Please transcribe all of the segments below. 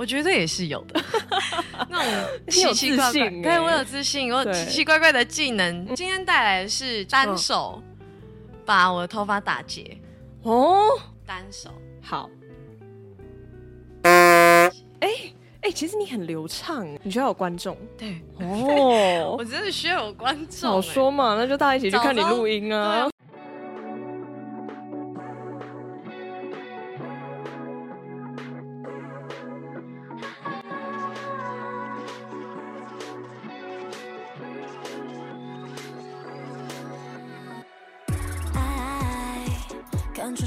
我覺得也是有的， 那我奇奇怪怪有自信、欸。對，我有自信，我奇奇怪怪的技能。今天帶來的是單手把我的頭髮打結。哦，單手好。哎、欸、哎、欸，其實你很流暢，你需要有觀眾。對，哦， 我真的需要有觀眾。早說嘛，那就大家一起去看你錄音啊。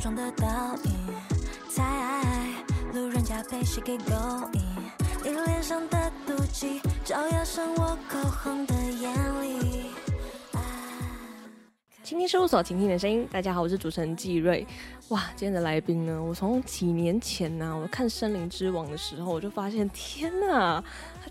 青聽事務所，傾聽你的聲音。大家好，我是主持人紀瑞。哇，今天的來賓呢，我從幾年前呢、啊，我看《聲林之王》的時候，我就發現，天哪！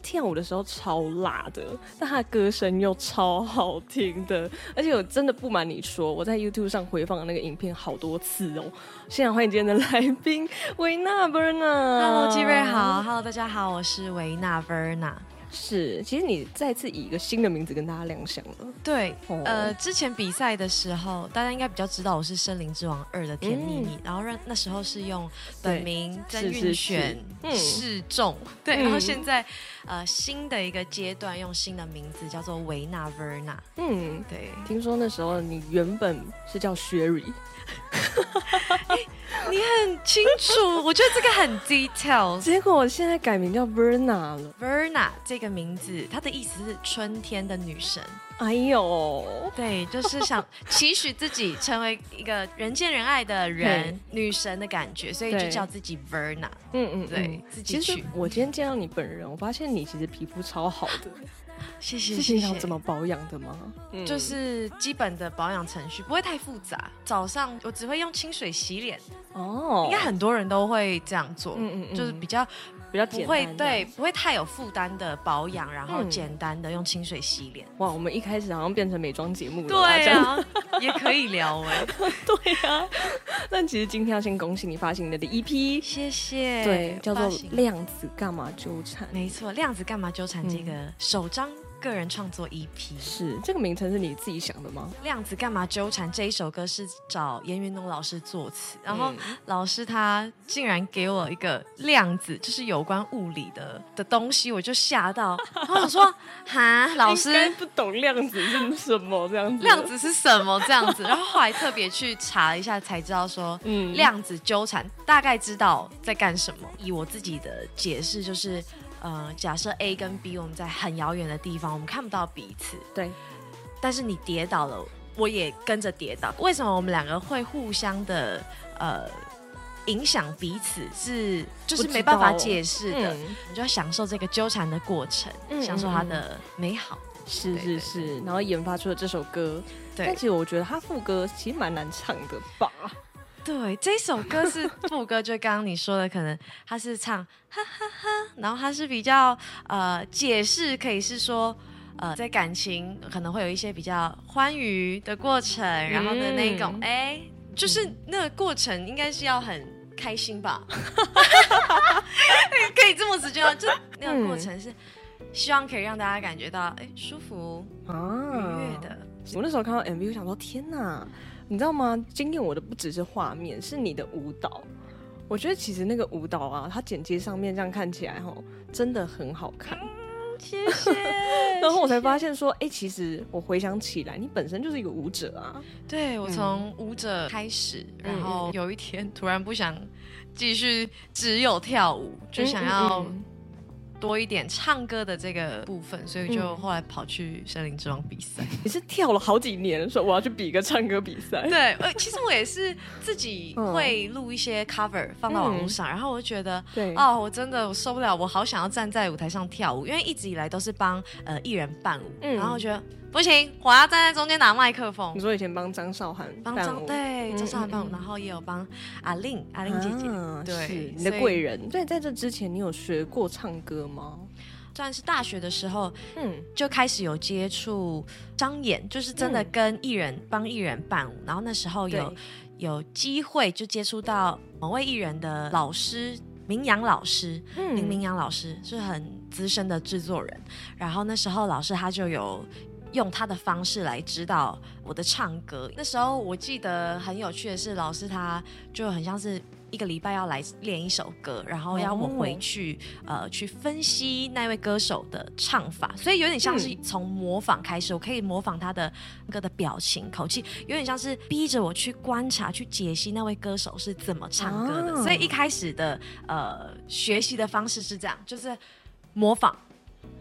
跳舞的時候超辣的，但他的歌聲又超好聽的，而且我真的不瞞你說，我在 YouTube 上回放那個影片好多次哦。現在歡迎今天的來賓琟娜 Verna。Hello，紀瑞好。Hello，大家好，我是琟娜 Verna 是，其實你再次以一個新的名字跟大家亮相了。對，哦、呃，之前比賽的時候，大家應該比較知道我是《聲林之王2》的甜蜜蜜，然後那那時候是用本名甄運玄示眾，嗯嗯。對，然後現在呃新的一個階段，用新的名字叫做琟娜 Verna。嗯，對，聽說那時候你原本是叫 Sherry 你。 清楚，我覺得這個很 detail，結果我現在改名叫 Verna 了。Verna 這個名字，它的意思是春天的女神。哎呦，對，就是想期許自己成為一個人見人愛的人，女神的感覺，所以就叫自己 Verna。嗯，嗯嗯，對，自己取。其實我今天見到你本人，我發現你其實皮膚超好的。 謝謝。是先講怎麼保養的嗎？嗯？就是基本的保養程序，不會太複雜。早上我只會用清水洗臉。哦，應該很多人都會這樣做。嗯嗯，就是比較比較不會對，不會太有負擔的保養，然後簡單的用清水洗臉。嗯、哇，我們一開始好像變成美妝節目了。對啊，這樣，也可以聊哎。 對啊。那其實今天要先恭喜你發行你的 EP。謝謝。對，叫做量子幹嘛糾纏，沒錯《量子幹嘛糾纏》。沒錯，《量子幹嘛糾纏》這個首張。嗯個人創作 EP 是，這個名稱是你自己想的嗎？量子幹嘛糾纏？這一首歌是找嚴云農老師作詞，然後老師他竟然給我一個量子，就是有關物理的的東西，我就嚇到，然後我說哈 老師應該不懂量子是什麼這樣子， 量子是什麼這樣子。然後後來特別去查一下，才知道說，嗯，量子糾纏大概知道在幹什麼。 以我自己的解釋就是。呃，假設 A 跟 B，我們在很遙遠的地方，我們看不到彼此。對。但是你跌倒了，我也跟着跌倒。為什麼我們兩個會互相的呃影響彼此？是就是沒辦法解釋的，嗯。你就要享受這個糾纏的過程，嗯嗯嗯，享受它的美好。是是是，對對對。然後研發出了這首歌。對，但其實我覺得他副歌其實蠻難唱的吧。對，這首歌是副 歌，就剛剛你說的，可能他是唱哈哈哈，然後他是比較呃解釋，可以是說呃在感情可能會有一些比較歡愉的過程，然後的那種哎、嗯，就是那個過程應該是要很開心吧？ 可以這麼直接嗎？ 就那個過程是、嗯、希望可以讓大家感覺到哎舒服啊愉悅的。我那時候看到 MV，我想說天哪！你知道嗎？驚豔我的不只是畫面，是你的舞蹈。我覺得其實那個舞蹈啊，它剪接上面這樣看起來，哈，真的很好看。嗯、謝謝。 然後我才發現說，哎、欸，其實我回想起來，你本身就是一個舞者啊。對，我從舞者開始、嗯，然後有一天突然不想繼續只有跳舞，嗯、就想要、嗯。嗯嗯多一點唱歌的這個部分，所以就後來跑去聲林之王比賽。你、嗯、 是跳了好幾年，說我要去比一個唱歌比賽。對，其實我也是自己會錄一些 cover 放到網路上、嗯，然後我就覺得，對啊、哦，我真的我受不了，我好想要站在舞台上跳舞，因為一直以來都是幫呃藝人伴舞、嗯，然後我覺得。不行，我要站在中間拿麥克風。你說以前幫張韶涵，幫張對，張、嗯、韶涵幫、嗯，然後也有幫阿玲、啊，阿玲姐姐，啊、對，你的貴人。對，在這之前你有學過唱歌嗎？算是大學的時候，嗯，就開始有接觸商演，就是真的跟藝人幫藝、嗯、人伴舞。然後那時候有有機會就接觸到某位藝人的老師，明揚老師，嗯，林明揚老師是很資深的制作人。然後那時候老師他就有。用他的方式來指導我的唱歌。那時候我記得很有趣的是，老師他就很像是一個禮拜要來練一首歌，然後要我回去、哦、呃去分析那位歌手的唱法，所以有點像是從模仿開始。嗯、我可以模仿他的歌的表情、口氣，有點像是逼着我去觀察、去解析那位歌手是怎麼唱歌的。哦、所以一開始的呃學習的方式是這樣，就是模仿。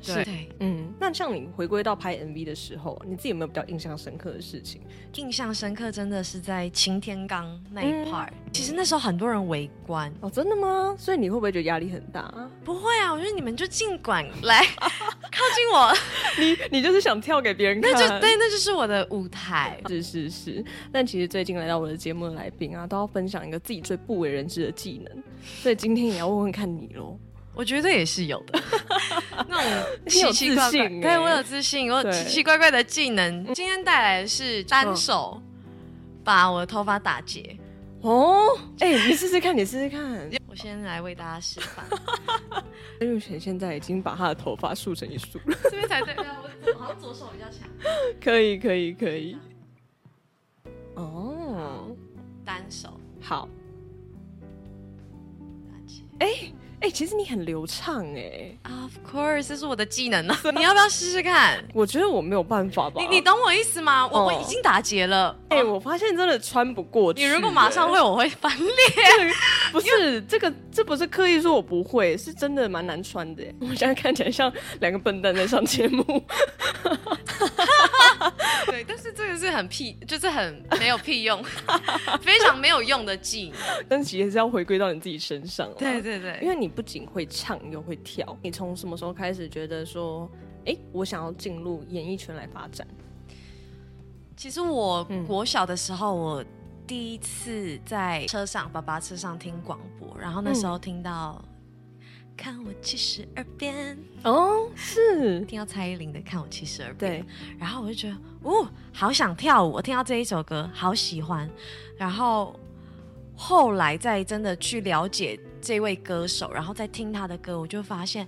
對，是對，嗯，那像你回歸到拍 MV 的時候，你自己有沒有比較印象深刻的事情？印象深刻真的是在擎天崗那一 part，嗯。其實那時候很多人圍觀。哦，真的嗎？所以你會不會覺得壓力很大啊？不會啊，我覺得你們就儘管來 靠近我，你你就是想跳給別人看， 那就對，那就是我的舞台對。是是是，但其實最近來到我的節目的來賓啊，都要分享一個自己最不為人知的技能，所以今天也要問問看你嘍。 我覺得也是有的， 那種奇，奇怪怪有自信、欸。怪。對，我有自信，我有奇奇怪怪的技能。今天帶來的是單手把我的頭髮打、嗯、打結。哦，哎、欸，你試試看，你試試看。我先來為大家示範。陸 雪現在已經把她的頭髮束成一束了。這邊才對， 我好像左手比較強。可以，可以，可以。是哦，單手好。打結，哎、欸。哎、欸，其實你很流暢，哎、欸、，Of course，這是我的技能呢、啊。 你要不要試試看？我覺得我沒有辦法吧。你你懂我意思嗎？我、哦、我已經打結了。哎、欸，我發現真的穿不過去。你如果馬上會，我會翻臉。不是 you... 這個，這不是刻意說我不會，是真的蠻難穿的、欸。我現在看起來像兩個笨蛋在上節目。 對，但是這個是很屁，就是很沒有屁用， 非常沒有用的技能。但其實是要回歸到你自己身上。對對對，因為你不僅會唱又會跳。你從什麼時候開始覺得說，哎、欸，我想要進入演藝圈來發展？其實我國小的時候，嗯、我第一次在車上，爸爸車上聽廣播，然後那時候聽到。嗯看我七十二變哦，oh, 是聽到蔡依林的《看我七十二變》，對，然後我就覺得，哦，好想跳舞！我聽到這一首歌，好喜歡。然後後來再真的去了解這位歌手，然後再聽他的歌，我就發現，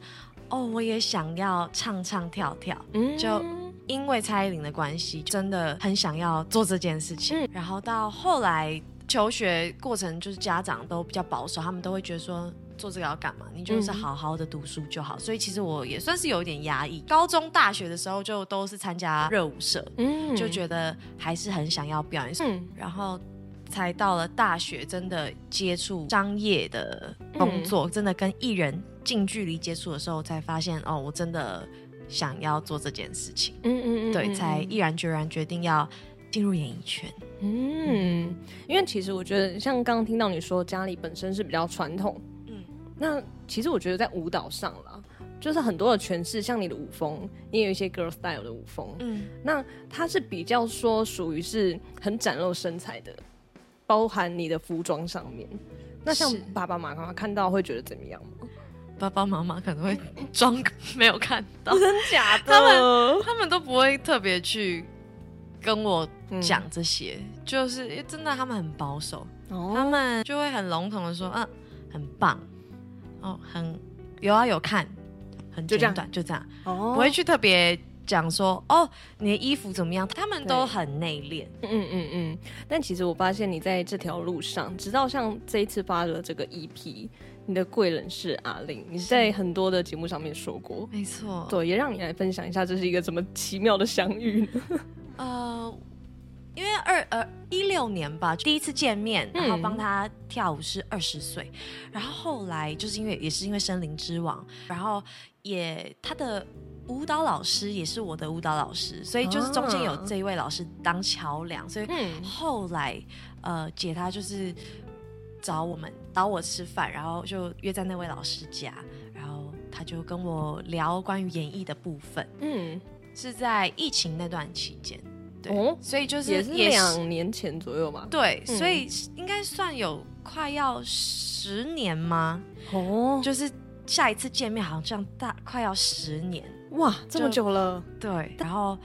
哦，我也想要唱唱跳跳。嗯，就因為蔡依林的關係，真的很想要做這件事情。嗯、然後到後來求學過程，就是家長都比較保守，他們都會覺得說，做這個要幹嘛？你就是好好的讀書就好。嗯、所以其實我也算是有一點壓抑。高中、大學的時候就都是參加熱舞社，嗯，就覺得還是很想要表演。嗯、然後才到了大學，真的接觸商業的工作，嗯，真的跟藝人近距離接觸的時候，才發現哦，我真的想要做這件事情。嗯嗯，嗯，對，才毅然決然決定要進入演藝圈。嗯，嗯，因為其實我覺得，像剛剛聽到你說家裡本身是比較傳統。那其實我覺得在舞蹈上啦，就是很多的詮釋，像你的舞風，你也有一些 girl style 的舞風，嗯，那它是比較說屬於是很展露身材的，包含你的服裝上面。那像爸爸媽媽看到會覺得怎麼樣嗎？爸爸媽媽可能會裝沒有看到。真假的？他們他們都不會特別去跟我講這些，嗯、就是因為真的，他們很保守，哦、他們就會很籠統的說，啊，很棒。哦、oh，很有啊，有看，很短就這樣，就這樣，oh. 不會去特別講說哦，oh, 你的衣服怎麼樣？他們都很內斂，嗯嗯嗯。但其實我發現你在這條路上，直到像這一次發了這個 EP，你的貴人是 A-Lin 是，你在很多的節目上面說過，沒錯，對，也讓你來分享一下，這是一個怎麼奇妙的相遇呢？呃、uh...。因為二呃一六年吧，第一次見面，然後幫他跳舞是二十歲、嗯，然後後來就是因為也是因為《聲林之王》，然後也他的舞蹈老師也是我的舞蹈老師，所以就是中間有這一位老師當橋梁，哦、所以後來呃姐她就是找我們找我吃飯，然後就約在那位老師家，然後他就跟我聊關於演藝的部分，嗯，是在疫情那段期間。哦，所以就是也是兩年前左右嘛。對、嗯，所以應該算有快要十年嗎？哦，就是下一次見面好像這樣大，快要十年哇，這麼久了。對，然後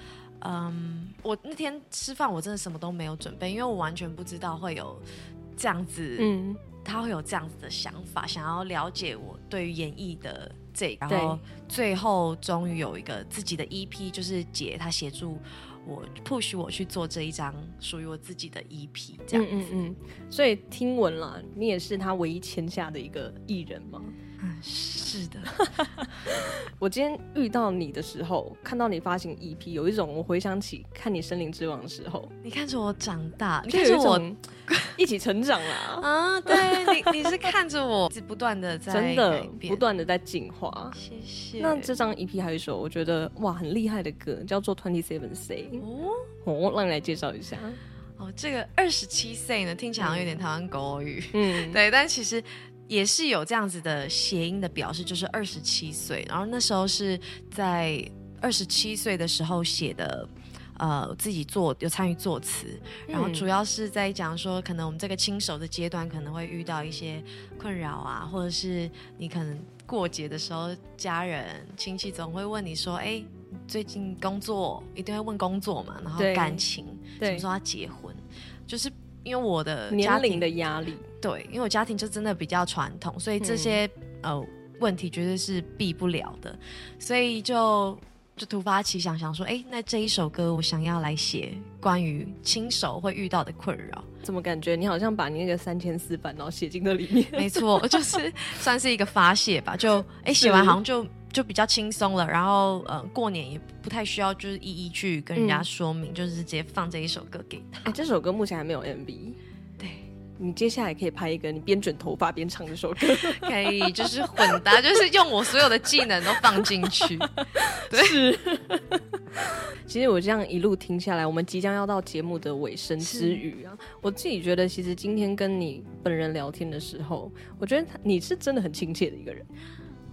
嗯，我那天吃飯我真的什麼都沒有準備，因為我完全不知道會有這樣子，嗯，他會有這樣子的想法，想要了解我對於演藝的這個，然後最後終於有一個自己的 EP，就是姐她協助。我 push 我去做這一張屬於我自己的 EP，這樣子。嗯，嗯嗯，所以聽聞了，你也是他唯一簽下的一個藝人嗎？是的， 我今天遇到你的時候，看到你發行 EP，有一種我回想起看你《聲林之王》的時候，你看着我長大，你看着我一,一起成長啦 啊！對，你你是看着我，是不斷的在真的不斷的在進化。謝謝。那這張 EP 還有一首我覺得哇很厲害的歌，叫做 Twenty Seven C。哦哦，讓你來介紹一下。哦，這個二十七 C 呢，聽起來有點台灣國語。嗯， 對，但其實。也是有這樣子的諧音的表示，就是二十七歲。然後那時候是在二十七歲的時候寫的，呃，自己做有參與作詞、嗯。然後主要是在講說，可能我們這個輕熟的階段可能會遇到一些困擾啊，或者是你可能過節的時候，家人親戚總會問你說，哎、欸，最近工作一定會問工作嘛，然後感情，比如說？他結婚？就是因為我的家庭年齡的壓力。對，因為我家庭就真的比較傳統，所以這些、嗯、呃問題絕對是避不了的，所以就就突發奇想，想說，哎、欸，那這一首歌我想要來寫關於親手會遇到的困擾。怎麼感覺你好像把你那個三千四百然後寫進這裡面？沒錯，就是 算是一個發洩吧。就哎，寫、欸、完好像就就比較輕鬆了。然後呃，過年也不太需要就是一一去跟人家說明，嗯、就是直接放這一首歌給他。哎、欸，這首歌目前還沒有 MV。你接下來可以拍一個，你邊捲頭髮邊唱這首歌， 可以就是混搭， 就是用我所有的技能都放進去。對， 其實我這樣一路聽下來，我們即將要到節目的尾聲之餘啊，我自己覺得其實今天跟你本人聊天的時候，我覺得你是真的很親切的一個人。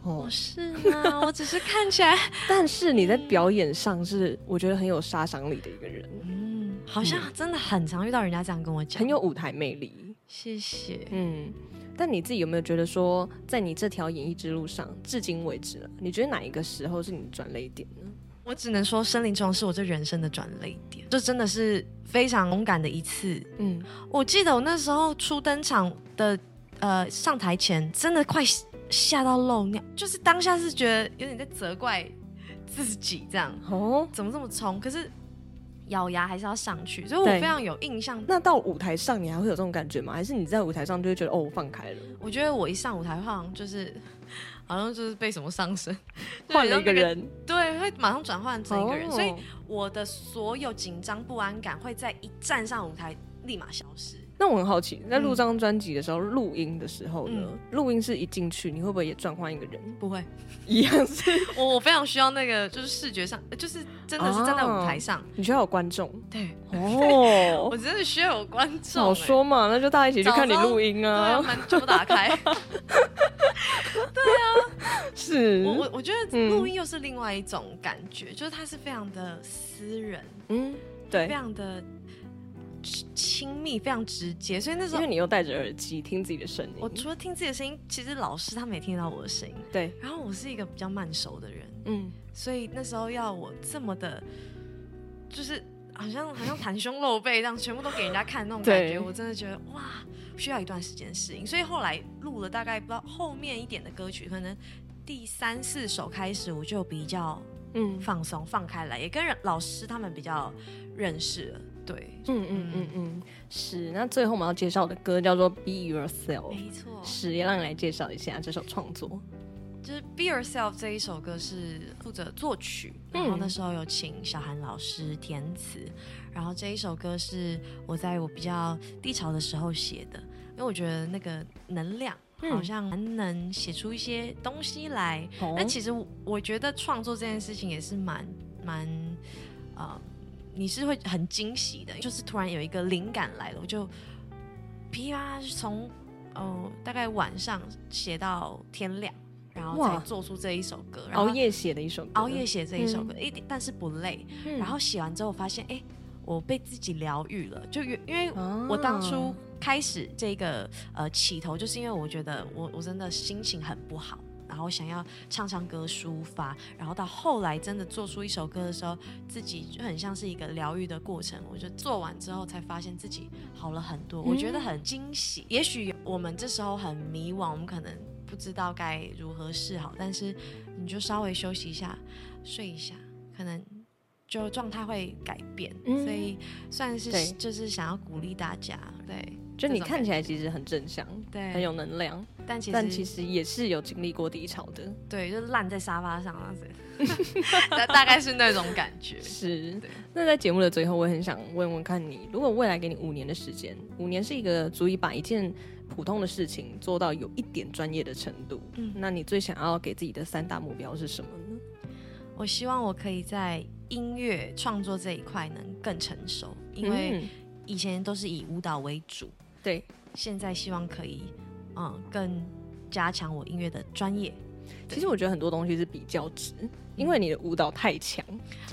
哦，是嗎？ 我只是看起來， 但是你在表演上是我覺得很有殺傷力的一個人。嗯，好像真的很常遇到人家這樣跟我講， 很有舞台魅力。謝謝。嗯，但你自己有沒有覺得說，在你這條演藝之路上，至今為止了，你覺得哪一個時候是你轉捩點呢？我只能說，《聲林之王》是我這人生的轉捩點，這真的是非常勇敢的一次。嗯，我記得我那時候初登場的，呃，上台前真的快嚇到漏尿，就是當下是覺得有點在責怪自己這樣，哦，怎麼這麼衝？可是。咬牙還是要上去，所以我非常有印象。那到舞台上你還會有這種感覺嗎？還是你在舞台上就會覺得哦，我放開了？我覺得我一上舞台，好像就是，好像就是被什麼上身，換了一個人 對、那個，對，會馬上轉換成一個人。Oh. 所以我的所有緊張不安感會在一站上舞台立馬消失。那我很好奇，在錄這張專輯的時候，錄、嗯、音的時候呢？錄、嗯、音室一進去，你會不會也轉換一個人？不會，一樣是我。我非常需要那個，就是視覺上，就是真的是站在舞台上，啊、你需要有觀眾。對,對哦，我真的需要有觀眾、欸。好說嘛，那就大家一起去看你錄音啊。對，門就打開。對啊， 對啊是我。我覺得錄音又是另外一種感覺、嗯，就是它是非常的私人。嗯，對，非常的。親密非常直接，所以那時候因為你又戴着耳機聽自己的聲音，我除了聽自己的聲音，其實老師他們也聽得到我的聲音。對。然後我是一個比較慢熟的人，嗯，所以那時候要我這麼的，就是好像好像袒胸露背這樣，讓 全部都給人家看的那種感覺，我真的覺得哇，需要一段時間適應。所以後來錄了大概不知道後面一點的歌曲，可能第三四首開始我就比較嗯放鬆嗯放開來，也跟老師他們比較認識了。對，嗯嗯嗯嗯，嗯，是。那最後我們要介紹的歌叫做《Be Yourself》，沒錯，是也讓你來介紹一下這首創作。就是《Be Yourself》這一首歌是負責作曲，然後那時候有請小涵老師填詞，嗯。然後這一首歌是我在我比較低潮的時候寫的，因為我覺得那個能量好像蠻能寫出一些東西來。嗯，但其實我覺得創作這件事情也是蠻蠻你是會很驚喜的，就是突然有一個靈感來了，我就噼啪從哦、呃，大概晚上寫到天亮，然後才做出這一首歌。然後熬夜寫的一首歌，熬夜寫這一首歌，一點，嗯，但是不累，嗯。然後寫完之後發現，哎，我被自己療癒了。就原因為，我當初開始這個呃起頭，就是因為我覺得我我真的心情很不好。然後想要唱唱歌抒發，然後到後來真的做出一首歌的時候，自己就很像是一個療癒的過程。我覺得做完之後才發現自己好了很多，嗯，我覺得很驚喜。也許我們這時候很迷惘，我們可能不知道該如何是好，但是你就稍微休息一下，睡一下，可能就狀態會改變。嗯、所以算是就是想要鼓勵大家，對。就你看起來其實很正向，對，很有能量，但其實是，但其實也是有經歷過低潮的，對，就是爛在沙發上，啊，是，那 大概是那種感覺。 是，那在節目的最後，我也很想問問看你，如果未來給你五年的時間，五年是一個足以把一件普通的事情做到有一點專業的程度，嗯，那你最想要給自己的三大目標是什麼呢？我希望我可以在音樂創作這一塊能更成熟，因為以前都是以舞蹈為主。嗯。對，現在希望可以，嗯，更加強我音樂的專業。其實我覺得很多東西是比較值，嗯、因為你的舞蹈太強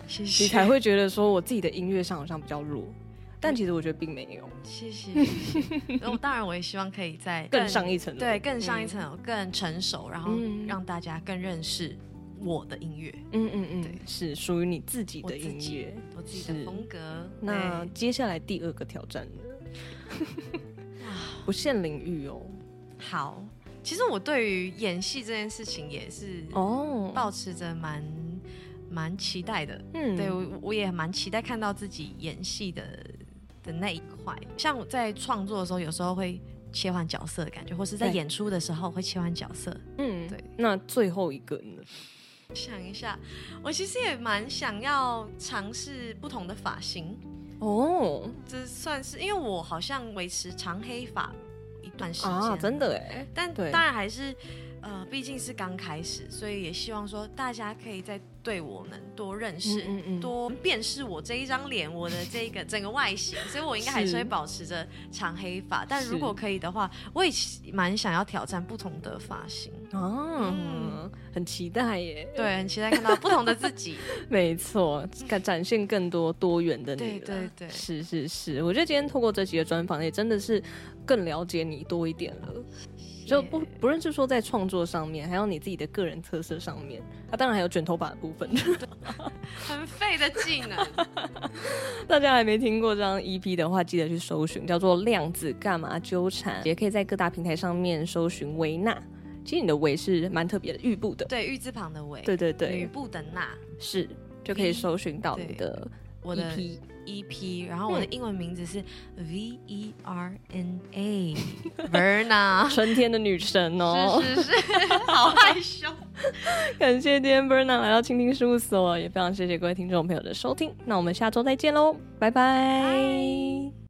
謝謝，你才會覺得說我自己的音樂上好像比較弱，嗯、但其實我覺得並沒有。謝謝。那我 當然我也希望可以再更，更上一層，對，更上一層，嗯，更成熟，然後讓大家更認識我的音樂。嗯嗯嗯，嗯嗯，對，是屬於你自己的音樂，我自己，我自己的風格。那接下來第二個挑戰呢？ 不限領域哦，好，其實我對於演戲這件事情也是抱哦，抱持着蠻蠻期待的，嗯，對，我我也蠻期待看到自己演戲的的那一塊，像我在創作的時候，有時候會切換角色的感覺，或是在演出的時候會切換角色，嗯，對。那最後一個呢？想一下，我其實也蠻想要嘗試不同的髮型。哦，這算是因為我好像維持長黑髮一段時間，啊，真的哎。但對，當然還是，呃，畢竟是剛開始，所以也希望說大家可以在。對我們多認識，嗯嗯嗯，多辨識我這一張臉， 我的這個整個外形，所以我應該還是會保持着長黑髮。但如果可以的話，我也蠻想要挑戰不同的髮型哦、啊嗯，很期待耶，對，很期待看到不同的自己， 沒錯，敢展現更多多元的你。 對，對對對，是是是，我覺得今天透過這幾個專訪，也真的是更了解你多一點了。就不不論是說在創作上面，還有你自己的個人特色上面，他、啊、當然還有卷頭髮的部分， 很廢的技能。 大家還沒聽過這張 EP 的話，記得去搜尋，叫做《量子幹嘛糾纏》，也可以在各大平台上面搜尋琟娜。其實你的琟是蠻特別的，玉部的，對，玉字旁的琟，對對對，玉部的娜是就可以搜尋到你的。我的 EP，EP 然後我的英文名字是 v e r n a V e r n a 春天的女神哦，是是是，好害羞。 感謝今天 V e r n a 來到青聽事務所，也非常謝謝各位聽眾朋友的收聽，那我們下周再見嘍，拜拜。Hi